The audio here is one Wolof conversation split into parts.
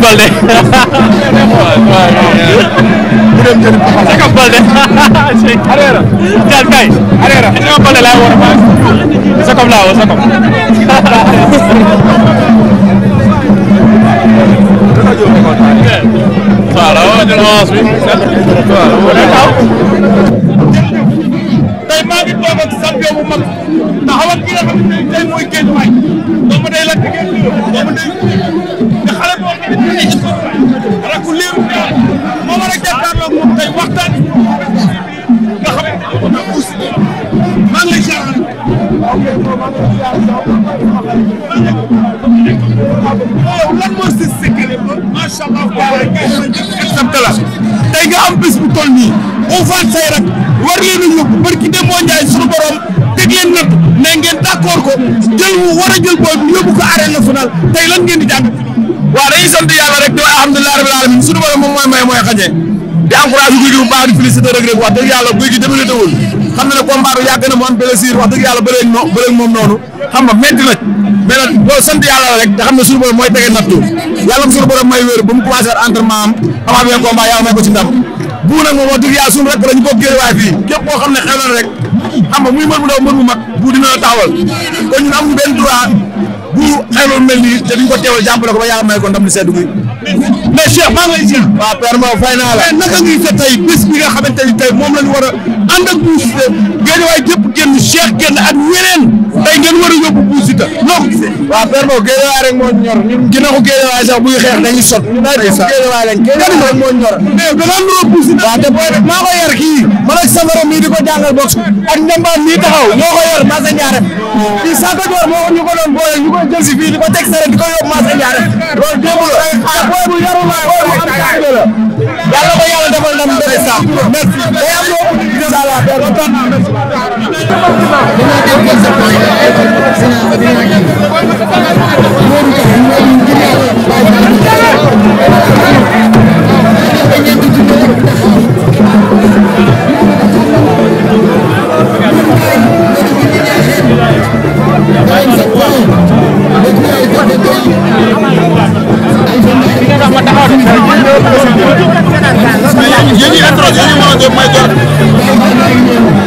Jacob Baldé. bu dem jëli Papa Sow Jacob Baldé. Areera. Diagne Kaye. Areera. Jacob Baldé laa war a maa Jacob laa war Jacob. tey maa ngi toog ak champion bu mag taxawal ki nga xam ne tey mooy nga am bés bu toll nii au faat say rek war leen a yóbbu barki Demba Ndiaye sunu borom teg leen nag ne ngeen d'accord ko jël wu war a jël booy yóbbu ko arène nationale tey lan ngeen di jàng. waaw dañuy sant yàlla rek di wax alhamdulilah rabbil alamin sunu borom moom mooy may mooy xañee di encouragé guy gi bu baax di félicité rek rek wax dëgg yàlla guy gi demee la xam na ne combat bi yàgg na am blessure wax dëgg yàlla bëreeg noo moom noonu xam nga métti nag mais nag boo sant yàlla rek da xam ne suñu borom mooy tege nattu yàlla suñu borom may wér ba mu commencé at entraînement am avant bien combat yàlla may ko ci ndam bu nag moom wax dëgg yàlla suñu rek ñu bokk waaye fii képp koo xam ne xew na rek xam muy mën mu daw mën mu mag bu dina la taxawal kon ñun amuñu benn droit bu xewloon mel te duñ ko ko ba yàlla may ko ndam li seddu mais Cheikh maa ngi lay ziar. waaw père moom fay naa la. mais naka ngi sa tey bés bi nga xamante ni tey moom la ñu war a ànd ak Boucher Guédiawaye gépp génn Cheikh génn ak ñeneen. tey ngeen war a yóbbu Bou Siteu noo ko gisee. waaw Fermo géejewaay rek moo ñor ñun ginnaaw géejewaay sax buy xeex dañuy sot. ndeysaan géejewaay lañ géejewaay rek moo ñor. mais da ngaa nuroo Bou Siteu. waaw te booy nag maa ko yar kii man ak safara mii di ko jàngal box ak njambaar mii taxaw moo ko yor Massa Ndiare. fii Santa Dior moo ko ñu ko doon boole ñu ko jël si fii di ko teg sere di ko yóbbu Massa Ndiare. loolu démb la te booy bu yarul waaye booy bu am kàddu la. yàlla ko yàlla defal ndam incha allah benn Yeni etraf yeni bana dönmeye dön.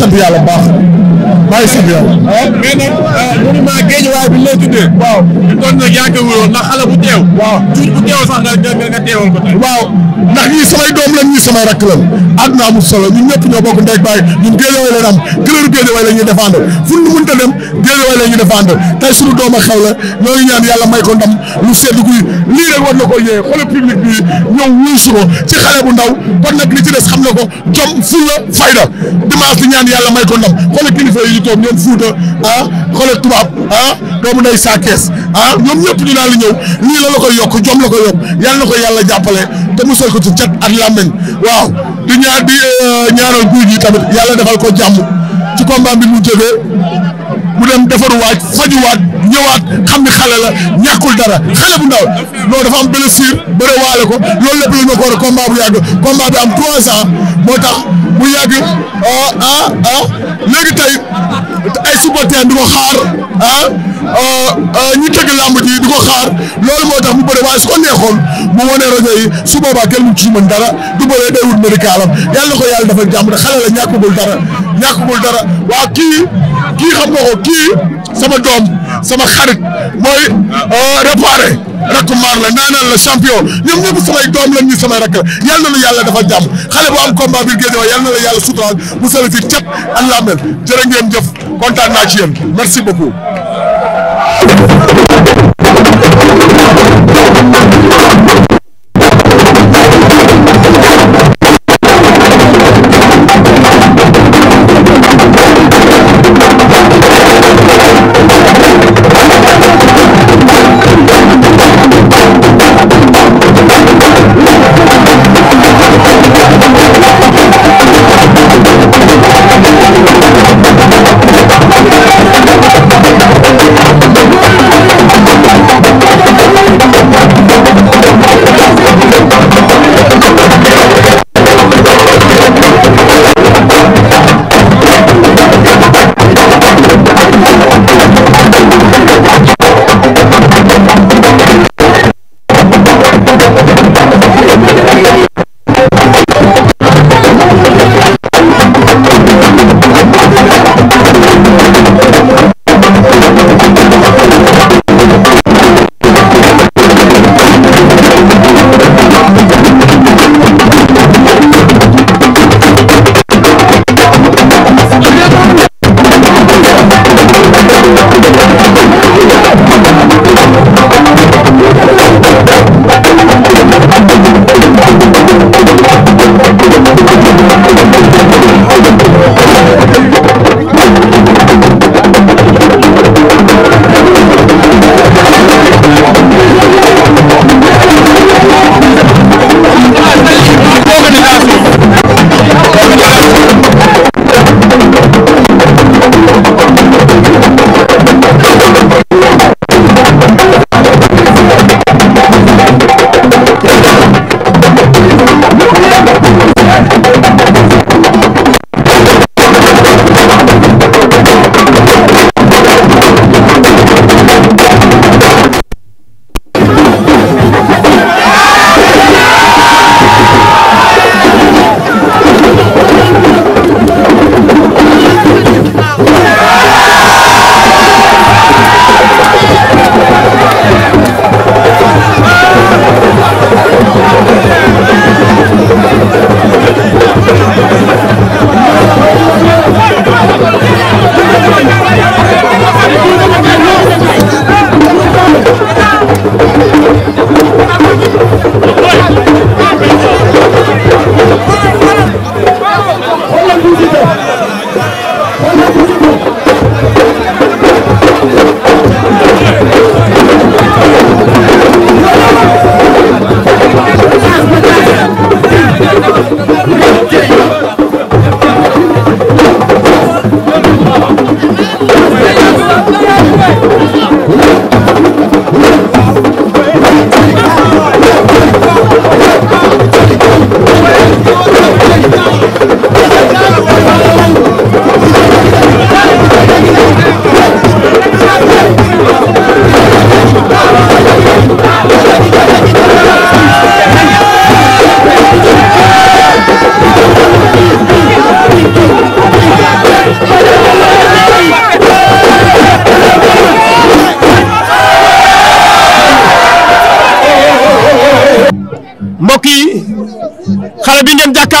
sant yàlla baax bàyyi si bi yow. mais nag euh, monument géej waaye waaw ñu doon nag yaa ngi wuyoo ndax bu teew. waaw tuut bu teew sax nga nga teewal ko tey. waaw ndax ñii samay doom lañ ñii samay rakk lañ àdduna amul solo ñun ñëpp ñoo bokk ndey baay ñun géejewaay lañ am këleelu géejewaay la ñuy défendre fu ñu mënta dem géejewaay la ñuy défendre tey suñu doom a xew la ñoo ngi ñaan yàlla may ko ndam lu sedd guy lii rek war na ko yee xoolal public bi ñëw wuusu ko ci xale bu ndaw kon nag li ci des xam na ko jom fulla fayda dimanche di ñaan yàlla may ko ndam xoolal kilifa ay yitoom ñoom Fuuta ah xoolal tubaab ah doomu nday saa kees ah ñoom ñëpp dinaa la ñëw lii la la koy yokk jom la koy yokk yal na ko yàlla jàppale te mu sol ko ci cat ak làmmeñ waaw di ñaar di eh, ñaanal guy gi tamit yàlla defal ko jàmm ci combat bi mu jógee mu dem defaruwaat fajuwaat ñëwaat xam ni xale la ñàkkul dara xale bu ndaw non dafa am blessure bëre waale ko loo lépp la ñu ko war a combat yàgg combat bi am trois ans moo tax. bu yàgg ah ah ah léegi tey ay supporters di ko xaar ah, oh, ah ñu tëgg làmb ji di ko xaar loolu moo tax mu bëre waaye su ko neexoon mu wane rajo yi su boobaa kenn mu ci mën dara du bëree day wut médicalam yàlla ko yàlla dafa jàmm xale la ñàkkugul dara ñàkkugul dara waa kii kii xam kii sama doom sama xarit mooy oh, réparé. rakk maar la naanaan la champion ñoom ñëpp samay doom lañ ñu samay rakk la yal na nu yàlla dafa jàmm xale bu am combat bi géej waaye yal na la yàlla suturaal bu sale fi cat ak làmmel jërë ngeen jëf kontaan naa ci yéen merci beaucoup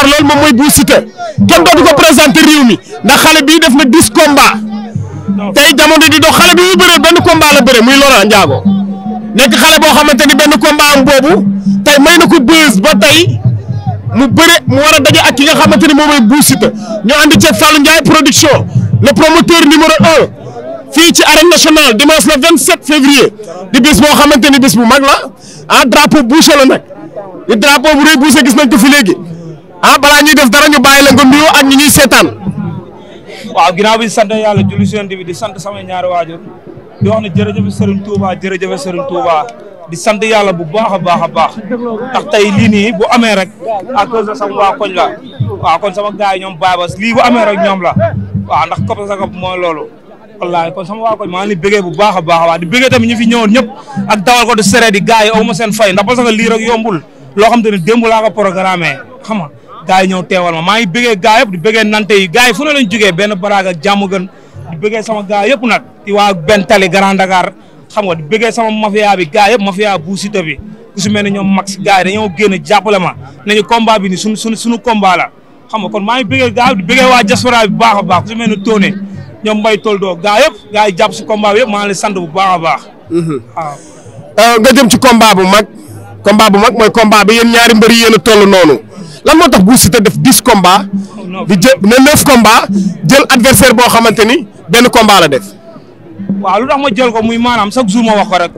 jàmbaar loolu moom mooy Bou Siteu kenn dootu ko présenté réew mi ndax xale bii def na dix combats tey jamono di dox xale bi muy bëree benn combat la bëree muy Laurent Ndiago nekk xale boo xamante ni benn combat am boobu tey may na ko bës ba tey mu bëre mu war a daje ak ki nga xamante ni moom mooy Bou Siteu ñu ànd ceeg Fallou Ndiaye production le promoteur numéro un fii ci arène nationale dimanche le 27 février di bis boo xamante ni bis bu mag la ah drapeau Boucher la nag di drapeau gis nañ ko fi léegi. ah balaa ñuy def dara ñu bàyyi la nga nuyu ak ñi ñuy seetaan. waaw ginnaaw bi sant yàlla juli si yonent bi di sant samay ñaari waajur di wax ne jërëjëf Serigne Touba jërëjëf Serigne Touba di sant yàlla bu baax a baax a baax ndax tey lii nii bu amee rek à cause de sama waa koñ la waaw kon sama gars ñoom ñoom baabas lii bu amee rek ñoom la waaw ndax Kopa Sakop mooy loolu. wallaahi kon sama waa koñ maa ngi bëggee bu baax a baax a baax di bëggee tamit ñu fi ñëwoon ñëpp ak dawal ko du seree di gars ma seen fay ndax parce que lii rek yombul loo xam te ne démb laa ko programmé xam nga gars yi ñëw teewal ma maa ngi bëggee gars yëpp di bëggee nante yi gars yi fu ne lañ jógee benn baraag ak jàmm gën di bëggee sama gars yëpp nag di waa benn tali Grand Dakar xam nga di bëggee sama mafia bi gars yëpp mafia bu Siteu bi ku si mel ne ñoom max gars yi dañoo génn jàppale ma nañu combat bi ni suñu suñu suñu combat xam nga kon maa ngi bëggee gars yëpp di bëggee waa diaspora bi baax a baax ku si mel ne Tóone ñoom mbay tool doo gaa yëpp gaa yi jàpp si combat bi yëpp maa ngi leen bu baax a baax. Mhm. waaw euh, nga jëm ci combat bu mag. combat bu mag mooy combat bi yéen ñaari mbër yi yéen lan moo tax Bou Siteu def dix combats. di jël ne neuf combats jël adversaire boo xamante ni benn combat la def. waaw lu tax ma jël ko muy maanaam chaque jour ma wax ko rek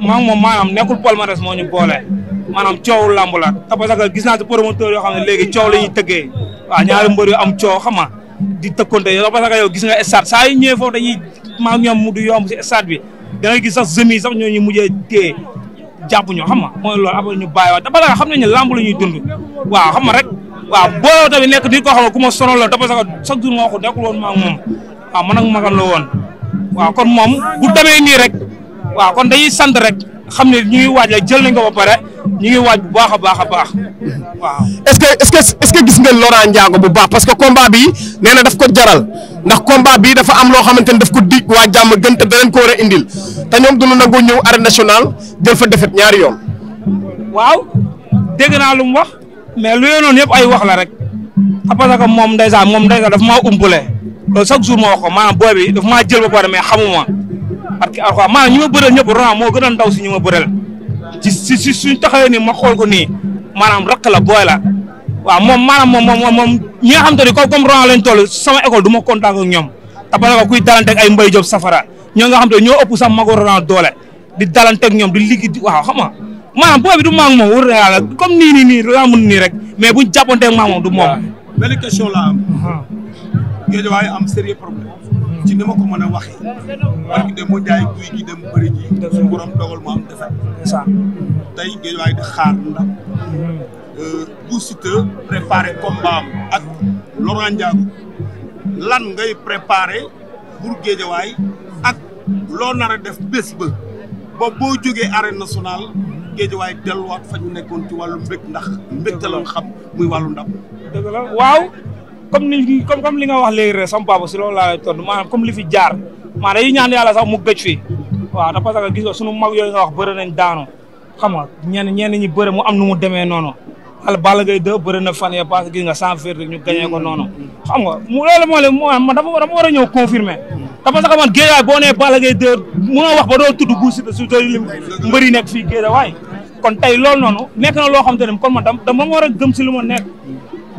maa ngi moom maanaam nekkul palmarès moo ñu boole maanaam coowu làmb la te parce que gis naa ci promoteur yoo xam ne léegi coow la ñuy tëggee waaw ñaari mbër yu am coow xam nga di tëkkonte yow parce que yow gis nga stade saa yu ñëwee foofu dañuy maa ngi ñoom mu du yomb si stade bi da ngay gis sax semis sax ñoo ñu mujjee téye jàpp ñu xam mooy loolu après ñu bàyyiwaat te parce que xam nañ ne làmb la ñuy dund waa xam nga rek waaw boo tamit nekk nit ko xam ne ku ma sonal la te parce que chaque jour ko nekkul woon maa ngi moom waaw man ak magan la woon waaw kon moom bu demee nii rek waaw kon dañuy sant rek xam ne ñuy waaj jël nañ ko ba pare ñu ngi waaj bu baax a baax a baax waaw. es ce que est-ce que est-ce que gis nga Laurent Ndiago bu baax parce que combat bi nee na daf ko jaral ndax combat bi dafa am loo xamante ni daf ko dig waa jàmm gën te danañ ko war a indil te ñoom du ñu nangoo ñëw arène national jël fa defet ñaari yoon. waaw dégg naa lu mu wax mais lu yoonoon yëpp ay wax la rek ah, parce que moom ndeysaan moom ndeysaan dafa maa umpule loolu chaque jour ma wax ko maanaam booy bi dafa maa jël ba pare mais xamuma parce que maanaam ñi ma bëreel ñëpp Laurent moo gën a ndaw si ñi ma bëreel. ci si si suñ taxawee ni ma xool ko ni maanaam rakk la booy la waaw moom maanaam moom moom moom ñi nga xam te ni comme comme sama école du ma kontaan ak ñoom te kuy dalanteeg ay mbay job safara ñoo nga xam ñoo ëpp sax mago Rwanda doole di dalanteeg ñoom di liggéey di waaw xam nga maanaam booy bi du maa moom wër na yàlla comme nii nii nii daa mun rek mais buñ jàppanteeg maa moom du moom. benn la am. géej waaye ci ni ma ko mën a waxee. parce que de moo jaay guy gi dem bëri ji. suñu borom dogal mu am tey ngeen waay di xaar ndax. Euh, bu Siteu préparé combat am ak Laurent Ndiago lan ngay préparé pour géejawaay ak loo nar def bés ba ba boo jógee arène nationale géejawaay delluwaat fa ñu nekkoon ci wàllu mbég ndax mbégte la xam muy wàllu ndaw comme li nga wax léegi rek sama si loolu laa lay tontu maanaam comme li fi jaar maa dañuy ñaan yàlla sax mu gëj fi waaw da parce que gis nga sunu mag yooyu nga wax bëri nañ daanu xam nga ñenn ñenn ñi bëri mu am nu mu demee noonu al Balla Gaye 2 bëri na fan ya parce que gis nga sans verdict ñu gagné ko noonu xam nga mu loolu moo leen moo man dafa war a ñëw confirmer da parce que man géejaay boo nee Balla Gaye 2 mënoo wax ba doo tudd bu Siteu su doy lim mbëri nekk fii géejawaay kon tey loolu noonu nekk na loo xam te ne kon man dama war a gëm si lu ma nekk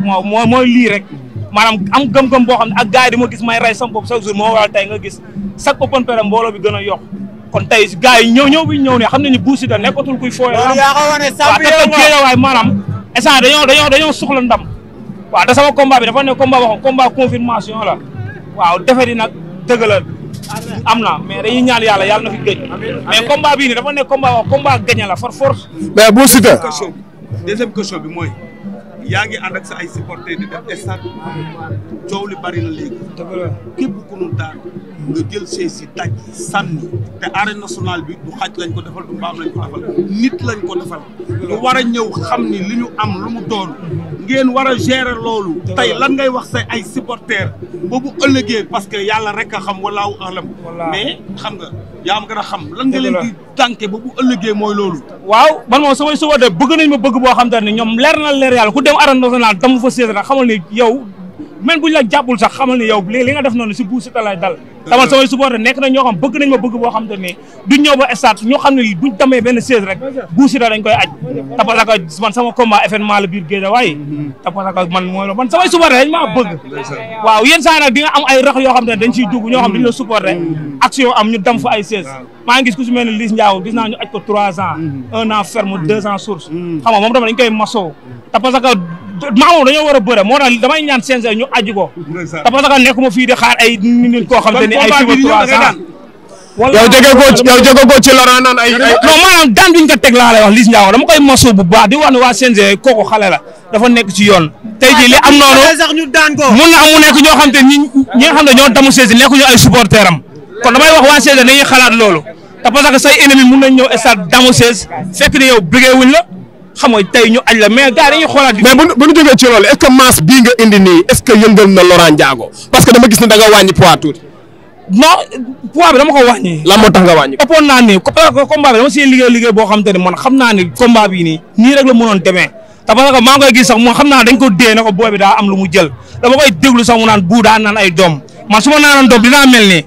moo mooy lii maanaam am gëm-gëm boo xam ne ak gars yi di ma gis may rey sama bopp moo waral tey nga gis chaque open presse mbooloo bi gën a yokk kon tey gars yi ñëw ñëw bi ñëw ne xam nañu Bou Siteu nekkatul kuy fooyee. loolu yaa ko wane sàmm yéen waaw waaye maanaam instant dañoo dañoo dañoo soxla ndam waaw da sama combat bi dafa ne combat boo xam combat confirmation la waaw defe di nag dëgg la am na mais dañuy ñaan yàlla yàlla na fi gëj. mais combat bii nii dafa ne combat boo combat la for force. mais Bou Siteu. deuxième question bi mooy. yaa ngi ànd ak sa ay supporters di def stade coow li bari na léegi. képp ku nu daan nga jël chaise si taj sànni te arène nationale bi du xaj lañ ko defal du mbaam lañ ko defal nit lañ ko defal. lu war a ñëw xam ni li ñu am lu mu doon ngeen war a gérer loolu. tey lan ngay wax say ay supporters ba bu ëllëgee parce que yàlla rek a xam walaawu alam mais xam nga. yaa ma gën a xam lan nga leen di tànke ba bu ëllëgee mooy loolu waaw man moom samay suba bëgg nañ ma bëgg boo xam te ne ñoom leer na leer yàlla ku dem arène nationale dam fa séet na xamal ni yow même buñ la jàppul sax xamal ni yow li li nga def noonu si Bou Siteu lay dal taman samay supporter nekk na ñoo bëgg nañ ma bëgg boo xam te ne duñ ñëw ba stade ñoo xam ne duñ demee benn siège rek Bou koy aj te man la biir géej waaye te parce que man samay supporter dañ maa am yoo xam ne dañ ciy dugg ñoo xam mhm. mhm. ñu dem fa ay siège maa ngi gis ku si mel ni naa ñu ko trois ans mhm. un an ferme deux ans source xam nga moom tamit koy masoo maa moom dañoo war a bëre moo tax damay ñaan CNG ñu aji ko. te a que nekkuma fii di xaar ay nit koo xam te ni ay. kooku xale la dafa nekk ci yoon. tey jii li am noonu mun na am mu nekk ñoo xam te ñi ñi nga xam ne ñoo damu CNG nekkuñu ay supporteurs am kon damay wax waa CNG dañuy xalaat loolu te say ennemi mun nañ ñëw stade damu CNG fekk ne yow bëggee wuñ la xam nga tey ñu aj la mais gars dañuy xoolaat. mais bu bu ñu jógee ci loolu est ce que masse bii nga indi nii est que yëngal na Laurent Ndiago parce que dama gis ne da nga wàññi poids tuuti. non poids bi dama ko wàññi. lan moo tax nga wàññi. ëppoon naa ni euh, combat bi dama siy liggéey liggéey boo xam te man xam naa ni nii nii la mënoon demee te parce que maa ngi koy gis sax moom xam naa dañ ko dee daa am lu mu jël dama koy déglu sax mu naan buu daa naan ay doom man ma naanoon doom dinaa mel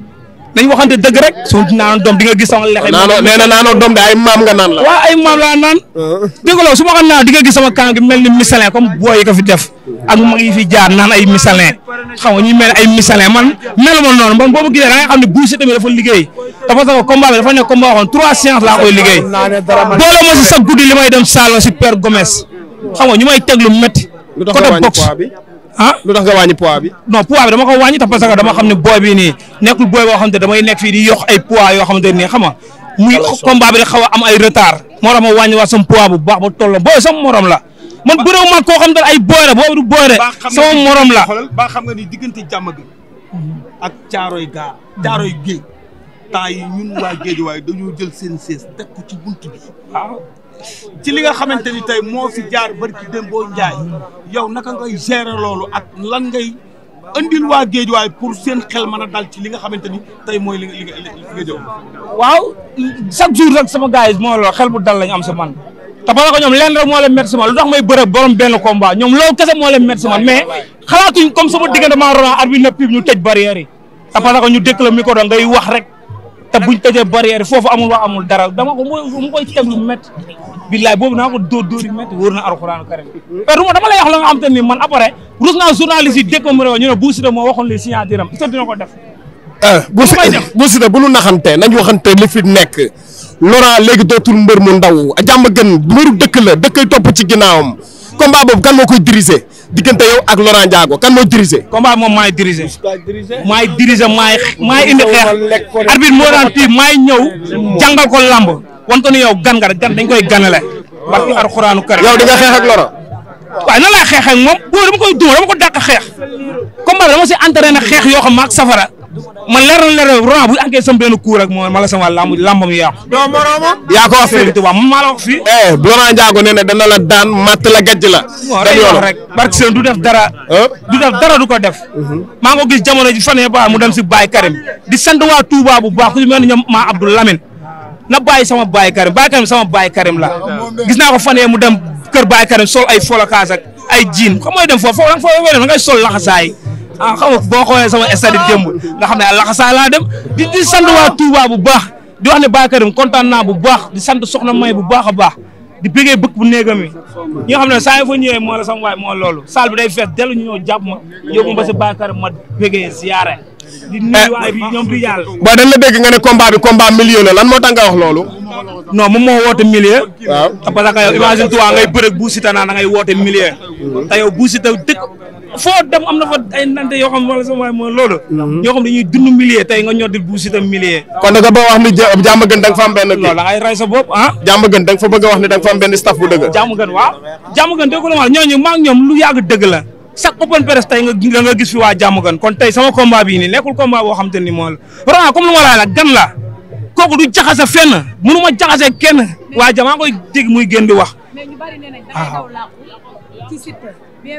dañ waxante dëgg rek soo naanoon doom di nga gis sama lexe. naanoo nee na naanoo doom de ay maam nga naan la. waaw uh-huh. ma xam naan di nga gis sama kàng mel ni misalin comme booy yi fi def. ak mag yi fi jaar naan ay misalin xam nga ñu mel ay misalin man melu ma noonu man boo ma gisee da nga xam ne Bou Siteu bi liggéey dafa sax combat bi dafa nekk combat waxoon trois séances laa koy liggéey. boole ma si sa guddi li may dem Saalum si Père Gomes xam nga ñu may teg lu métti. lu tax wàññi poids ah lu tax nga wàññi poids bi non poids bi dama ko wàññi tax parce dama xam ne booy bi nii nekkul booy boo xam ne damay nekk fii di yokk ay poids yoo xamante nii xam nga muy combat bi rek xaw a am ay retard moo tax ma wàññi waat sama poids bu baax ba tolloo booy sama morom la man bëréw ma koo xam ne ay booy la boobu du booy de sama morom la ba xam nga ni diggante jàmm gi ak caaroy gaa caaroy géej temps yi ñun waa géej waaye dañoo jël seen sees teg ci li nga xamante ni tey moo si jaar barki Dembo Ndiaye yow naka ngay gérer loolu ak lan ngay andil waa Géejawaay pour seen xel mën a dal ci li nga xamante ni tey mooy li nga li nga jëm. waaw chaque jour sama gars yi moo loolu xel bu dal lañ am sa man. te la ko ñoom lenn rek moo leen métti si man lu tax may bërëb borom benn combat ñoom loolu kese moo leen métti si man mais xalaatuñ comme sama diggante maa ronaa arbitre na pib ñu tëj barrière yi. te ba ko ñu dëkk la micro ngay wax rek. te buñ tëjee barrière foofu amul wax amul dara dama ko mu koy teg lu métti boobu naa ko dóor dóor yu métti na alxuraan karim père dama lay wax la nga xam te ni man après rus naa journaliste yi dégg mu réew ñu ne Bou Siteu moo waxoon li signature am est-ce que dina ko def eh, Bou Siteu bu ñu naxante nañ waxante li fi nekk Laurent léegi dootul mbër mu ndaw jàmm gën mbëru dëkk la dëkkay topp ci ginnaawam combat boobu kan moo koy diriger diggante yow ak Laurent Ndiago kan moo diriger. combat moom maay diriger. maay diriger maay maay indi xeex. arbitre moo daan tii maay ñëw jàngal ko lamb wante ni yow gan nga gan dañ koy ganale. barki alxuraanu karim yow di nga xeex ak Laurent. waaye nan xeex ak moom boo dama koy duma dama ko dàq xeex. combat dama si entraîné xeex yoo xam maak safara. man leer na leer roi bu àggee sama benn kuur ak moom sama làmb làmbam yàqu. doo moroomam. yaa ko a fii tubaab man maa la wax fii. Eh, Laurent Ndiago nee na dana la daan matt la gàjj la. dem yoonam rek barke seen du def dara. du def dara du ko def. Mhm. maa ngo gis jamono ji fan yii ba mu dem si baay Karim di sant waa Touba bu baax ku ci mel ni maa Abdou Lamine na bàyyi sama baay Karim Baye Karim sama Baye Karim la gis naa ko fan yii mu dem kër Baye Karim sol ay folokaas ak ay jiin xam mooy dem foofu foofu da nga foofu da ah xam nga boo xoolee sama stade nga xam ne laxasaa laa dem di di sant waa Touba bu baax di wax ne Bakary kontaan naa bu baax di sant soxna May bu baax a baax di bëggee bëgg bu néegam yi ñi xam ne saa yu fa ñëwee moo la sama moo loolu saal bi day fees dellu ñu ñëw jàpp ma yóbbu ma si Bakary ma bëggee ziyaare di nuyu eh, waay bi ñoom di yàlla. waaw dañ la dégg nga ne combat bi combat milieu la lan moo tax nga wax loolu. non moo woote milieu. waaw parce que yow imagine toi ngay bëreeg Bou Siteu naa da foo dem am na fa ay nante yoo xam wala sama waay mooy loolu. Mhm. yoo xam dañuy dund millier tey nga ñoddil bu si tam millier. kon nag boo wax ni jë gën da nga fa am benn. loolu a ngay rey sa bopp ah. jàmm gën da nga fa bëgg a wax ne da nga fa am benn staff bu dëgg. jàmm gën waaw jàmm gën dégg ñooñu maa ñoom lu yàgg dëgg la chaque open press tey nga gis fi waa jàmm gën kon tey sama combat bii nii nekkul combat boo xam te ni moo la vraiment comme ma la la gan la kooku du ci Siteu da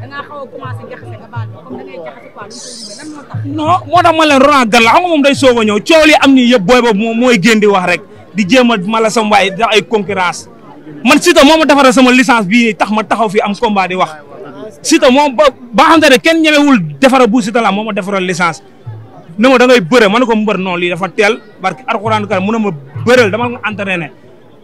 nga koo woo a moo tax. non moo tax ma moom day soog a ñëw coow am nii yëpp booy boobu moom mooy génn di wax rek di jéem a mala sam waay da ay concurrence man Siteu moo ma defaral sama licence bii nii tax ma taxaw fi am combat di wax. Siteu moom ba ba xam ne kenn ñemewul defara bu Siteu la moo ma defaral licence. ne ma da ngay bëre ma ne ko mbër non lii dafa teel barki arxuraan kar mu a ma bëreel dama ko entraîné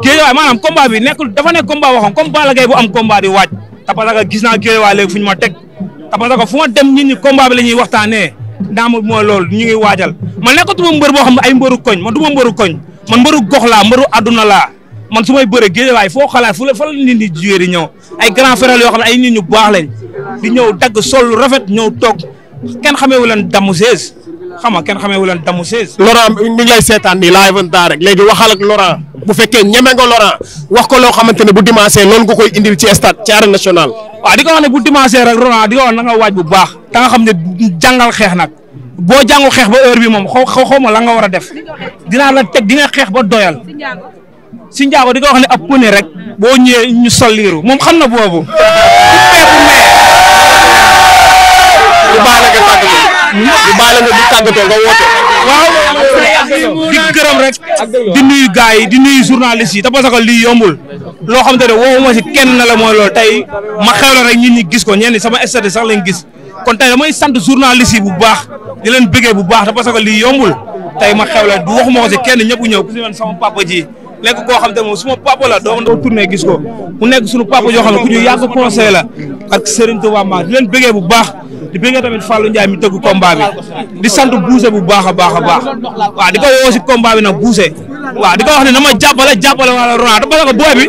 géejewaay maanaam combat bi nekkul dafa nekk combat waxoon comme Balla Gaye bu am combat di waaj tapasaka gis naa géejewaay léegi fu ñu ma teg tapasaka fu ma dem nit ñi combat bi la ñuy waxtaanee ndaama mooy loolu ñu ngi waajal man nekkatuma mbër boo xam ne ay mbëru koñ man du ma mbëru koñ man mbëru gox laa mbëru adduna la man su may bëree géejewaay foo xalaat fu la fa la nit ñi juyee di ñëw ay grand frère yoo xam ne ay nit ñu baax lañ di ñëw dagg sol rafet ñëw toog kenn xamee wu leen damu sees xam nga kenn xamee wu leen damu sees Laurent mi ngi lay seetaan nii laay vantaa rek léegi waxal ak Laurent bu fekkee ñemee nga Laurent wax ko loo xamante ne bu dimanche loolu nga koy indil ci stade ci arène nationale. waaw di wax ne bu dimanche rek Laurent di ko wax na nga waaj bu baax. ta nga xam ne jàngal xeex nag boo jàngu xeex ba heure bi moom xaw xaw ma la nga war a def dinaa la teg di xeex ba doyal. si njaago di ko wax ne ab pëne rek boo ñëwee ñu solliiru moom xam na boobu. u baax la nga tàggatoo bu baax nga woote. di gërëm rek di nuyu gars yi di nuyu journaliste yi te parce que lii yombul loo xam te ne woowuma si kenn na la mooy loolu tey ma xew la rek nit ñi gis ko ñenn sama statut sax lañ gis kon tey damay sant journaliste yi bu baax di leen bëggee bu baax te parce que lii yombul tey ma xew la du waxuma ko si kenn ñëpp ñëw ku si sama papa ji nekk ko xam te moom suma papa la doo doo tourné gis ko mu nekk suñu papa yoo xam ne ku ñu yàgg conseil la ak Serigne Touba ma di leen bu baax di bëggee tamit Fallou Ndiaye mi tëgg combat di sant Bousse bu baax a baax a baax waaw di ko woo si na bi nag Bousse waaw di ko wax ne na ma jàppale jàppale wala Ronaldo parce que booy bi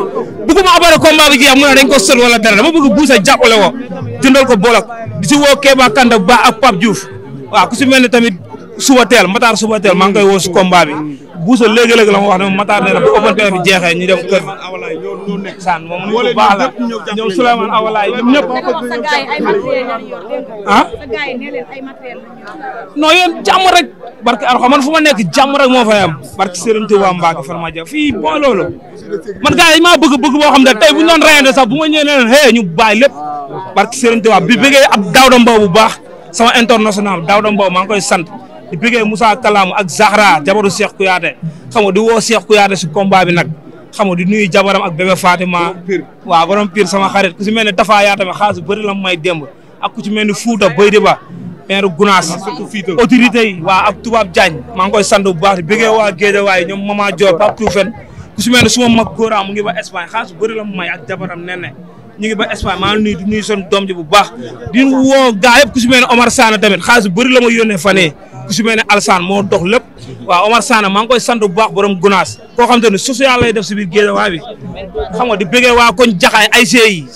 bëgguma abare combat bi jeex mu ne dañ ko sël wala dara dama bëgg Bousse jàppale wo jëndal ko bolok di si woo Kéba Kanda Ba ak si mel ne tamit suba teel Matar suba teel maa ngi koy woo si combat buusa léegi-léegi la ma wax ne Matar ne la bu open bi jeexee ñu dem kër saan moom nit ku baax la ñoom Souleymane Awalaay ñoom ñëpp ah? man fu ma nekk jàmm rek moo fay am barke Serigne Touba Mbacke Fatma Dia fii bon man gars maa bëgg bëgg boo xam ne tey bu ñu doon reyante sax bu ma ñëwee ne leen hey ñu bàyyi lépp barke Serigne Touba bi bëggee ab Daouda Mbow bu baax sama international Daouda Mbow maa ngi sant di bëggee Moussa Kalam ak Zahra jabaru Cheikh Kouyaté xam nga di woo Cheikh Kouyaté si combat bi nag xam di nuy jabaram ak bébé ma waa borom pire sama xarit ku si mel ne Tafa yaa tamit xaalis bëri la may démb ak ku ci mel ni Fouta Boy Diba maire Gounass autorité yi waaw ak Toubab Diagne maa ngi koy sant bu baax di bëggee waa Guédiawaye ñoom ma Diop Pape Toufen ku si mel ne suma mag góoraam mu ngi ba Espagne xaalis bëri la may ak jabaram nenne ñu ngi ba Espagne ngi nuyu di nuyu seen bu baax di woo gaa yëpp mel ne Omar Sane tamit xaalis bëri la ma yónnee fan ku si mel ne moo dox lépp waaw Omar Sane maa ngi koy sant bu baax borom Gunaas koo xam te ne social lay def si biir géejawaay xam nga di bëggee waa koñ jaxaay ay yi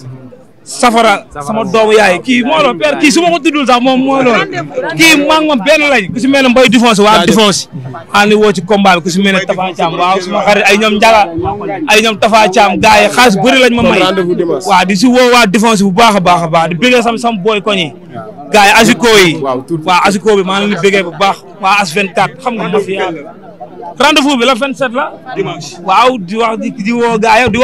safara sama doomu yaay kii moo loolu kii su ma ko tuddul sax moom moo loolu kii maa ngi moom benn lañ ku si mel ne waa Difonce ànd woo ci combat bi ku si mel ne Tafa Thiam suma xarit ay ñoom Njala ay ñoom Tafa Thiam gars yi xaalis lañ ma may waaw di si woo waa Difonce bu baax a baax a baax di bëggee sam sam booy koñ yi gars yi asiko yi waaw asiko bi maa bu baax waa as 24 xam nga ma fi rendez-vous bi la la waaw di